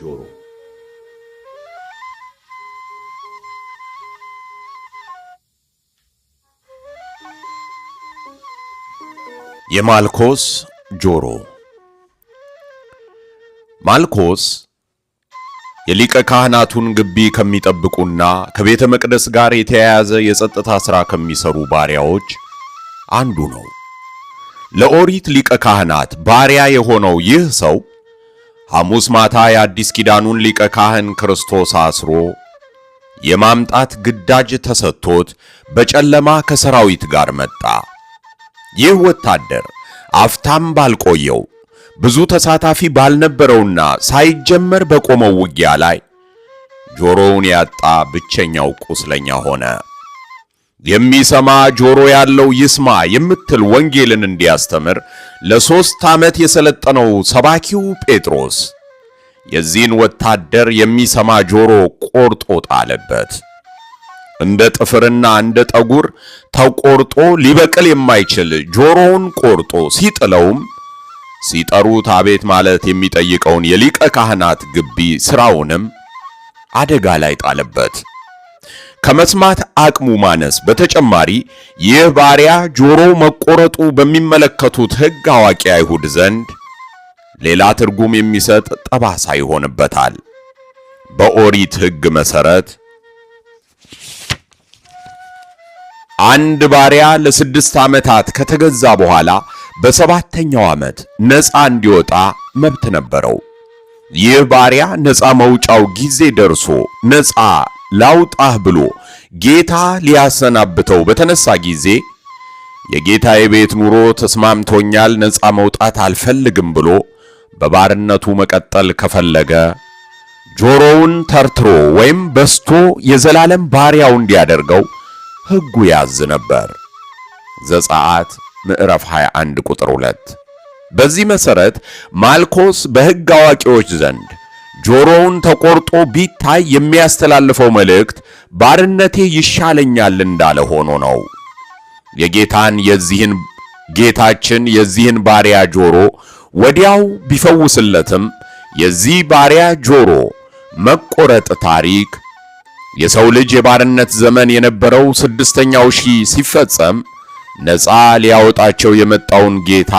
ጆሮ የማልኮስ ጆሮ ማልኮስ የሊቀ ካህናቱን ግቢ ከሚጠብቁና ከቤተ መቅደስ ጋር የተያያዘ የጸጥታ ሥራ ከሚሰሩ ባሪያዎች አንዱ ነው። ለኦሪት ሊቀ ካህናት ባሪያ የሆነው ይህ ሰው ሐሙስ ማታ የአዲስ ኪዳኑን ሊቀ ካህን ክርስቶስ አስሮ የማምጣት ግዳጅ ተሰጥቶት በጨለማ ከሰራዊት ጋር መጣ። ይህ ወታደር አፍታም ባልቆየው ብዙ ተሳታፊ ባልነበረውና ሳይጀመር በቆመው ውጊያ ላይ ጆሮውን ያጣ ብቸኛው ቁስለኛ ሆነ። የሚሰማ ጆሮ ያለው ይስማ የምትል ወንጌልን እንዲያስተምር ለሦስት ዓመት የሰለጠነው ሰባኪው ጴጥሮስ የዚህን ወታደር የሚሰማ ጆሮ ቆርጦ ጣለበት። እንደ ጥፍርና እንደ ጠጉር ተቆርጦ ሊበቅል የማይችል ጆሮውን ቆርጦ ሲጥለውም ሲጠሩት አቤት ማለት የሚጠይቀውን የሊቀ ካህናት ግቢ ሥራውንም አደጋ ላይ ጣለበት። ከመስማት አቅሙ ማነስ በተጨማሪ ይህ ባሪያ ጆሮ መቆረጡ በሚመለከቱት ሕግ አዋቂ አይሁድ ዘንድ ሌላ ትርጉም የሚሰጥ ጠባሳ ይሆንበታል። በኦሪት ሕግ መሰረት አንድ ባሪያ ለስድስት ዓመታት ከተገዛ በኋላ በሰባተኛው ዓመት ነፃ እንዲወጣ መብት ነበረው። ይህ ባሪያ ነፃ መውጫው ጊዜ ደርሶ ነፃ ላውጣህ ብሎ ጌታ ሊያሰናብተው በተነሳ ጊዜ የጌታ የቤት ኑሮ ተስማምቶኛል፣ ነፃ መውጣት አልፈልግም ብሎ በባርነቱ መቀጠል ከፈለገ ጆሮውን ተርትሮ ወይም በስቶ የዘላለም ባሪያው እንዲያደርገው ሕጉ ያዝ ነበር። ዘጸአት ምዕራፍ 21 ቁጥር 2። በዚህ መሠረት ማልኮስ በሕግ አዋቂዎች ዘንድ ጆሮውን ተቆርጦ ቢታይ የሚያስተላልፈው መልእክት ባርነቴ ይሻለኛል እንዳለ ሆኖ ነው። የጌታን የዚህን ጌታችን የዚህን ባሪያ ጆሮ ወዲያው ቢፈውስለትም የዚህ ባሪያ ጆሮ መቆረጥ ታሪክ የሰው ልጅ የባርነት ዘመን የነበረው ስድስተኛው ሺህ ሲፈጸም ነፃ ሊያወጣቸው የመጣውን ጌታ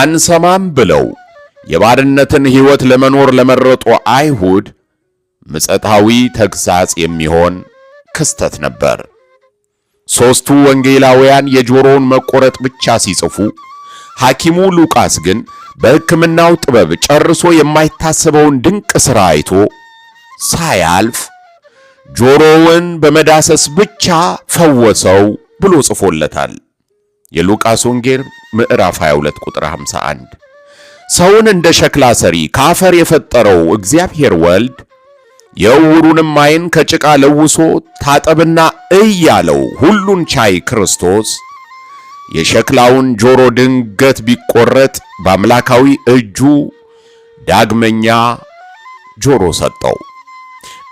አንሰማም ብለው የባርነትን ሕይወት ለመኖር ለመረጡ አይሁድ ምጸታዊ ተግሣጽ የሚሆን ክስተት ነበር። ሦስቱ ወንጌላውያን የጆሮውን መቆረጥ ብቻ ሲጽፉ፣ ሐኪሙ ሉቃስ ግን በሕክምናው ጥበብ ጨርሶ የማይታሰበውን ድንቅ ሥራ አይቶ ሳያልፍ ጆሮውን በመዳሰስ ብቻ ፈወሰው ብሎ ጽፎለታል። የሉቃስ ወንጌል ምዕራፍ 22 ቁጥር 51 ሰውን እንደ ሸክላ ሰሪ ከአፈር የፈጠረው እግዚአብሔር ወልድ የዕውሩንም ዓይን ከጭቃ ለውሶ ታጠብና እይ ያለው ሁሉን ቻይ ክርስቶስ የሸክላውን ጆሮ ድንገት ቢቆረጥ በአምላካዊ እጁ ዳግመኛ ጆሮ ሰጠው።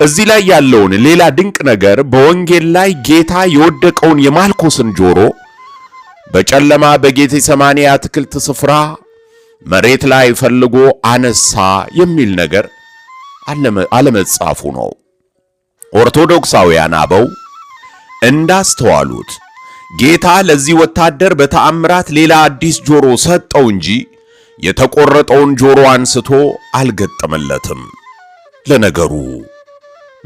እዚህ ላይ ያለውን ሌላ ድንቅ ነገር በወንጌል ላይ ጌታ የወደቀውን የማልኮስን ጆሮ በጨለማ በጌቴ ሰማኒ አትክልት ስፍራ መሬት ላይ ፈልጎ አነሳ የሚል ነገር አለመጻፉ ነው። ኦርቶዶክሳውያን አበው እንዳስተዋሉት ጌታ ለዚህ ወታደር በተአምራት ሌላ አዲስ ጆሮ ሰጠው እንጂ የተቆረጠውን ጆሮ አንስቶ አልገጠመለትም። ለነገሩ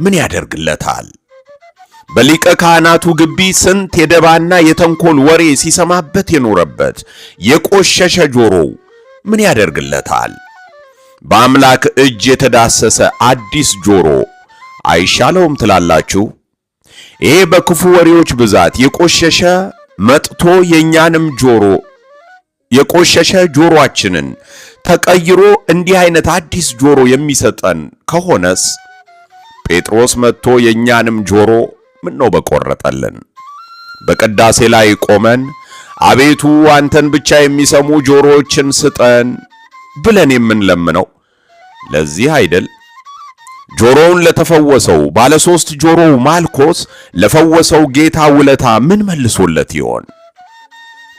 ምን ያደርግለታል? በሊቀ ካህናቱ ግቢ ስንት የደባና የተንኮል ወሬ ሲሰማበት የኖረበት የቆሸሸ ጆሮው ምን ያደርግለታል? በአምላክ እጅ የተዳሰሰ አዲስ ጆሮ አይሻለውም ትላላችሁ? ይሄ በክፉ ወሬዎች ብዛት የቆሸሸ መጥቶ የእኛንም ጆሮ የቆሸሸ ጆሮአችንን ተቀይሮ እንዲህ አይነት አዲስ ጆሮ የሚሰጠን ከሆነስ ጴጥሮስ መጥቶ የእኛንም ጆሮ ነው በቆረጠልን። በቅዳሴ ላይ ቆመን አቤቱ አንተን ብቻ የሚሰሙ ጆሮዎችን ስጠን ብለን የምንለምነው ለዚህ አይደል? ጆሮውን ለተፈወሰው ባለ ሶስት ጆሮው ማልኮስ ለፈወሰው ጌታ ውለታ ምን መልሶለት ይሆን?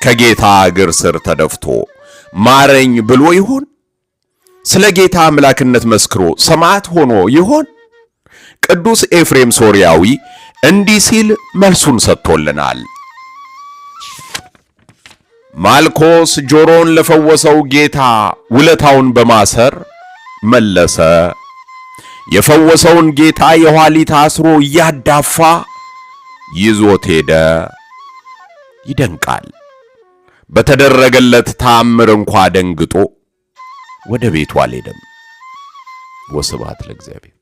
ከጌታ እግር ስር ተደፍቶ ማረኝ ብሎ ይሆን? ስለ ጌታ አምላክነት መስክሮ ሰማዕት ሆኖ ይሆን? ቅዱስ ኤፍሬም ሶርያዊ እንዲህ ሲል መልሱን ሰጥቶልናል። ማልኮስ ጆሮውን ለፈወሰው ጌታ ውለታውን በማሰር መለሰ። የፈወሰውን ጌታ የኋሊት አስሮ እያዳፋ ይዞት ሄደ። ይደንቃል። በተደረገለት ታምር እንኳ ደንግጦ ወደ ቤቱ አልሄደም። ወስብሐት ለእግዚአብሔር።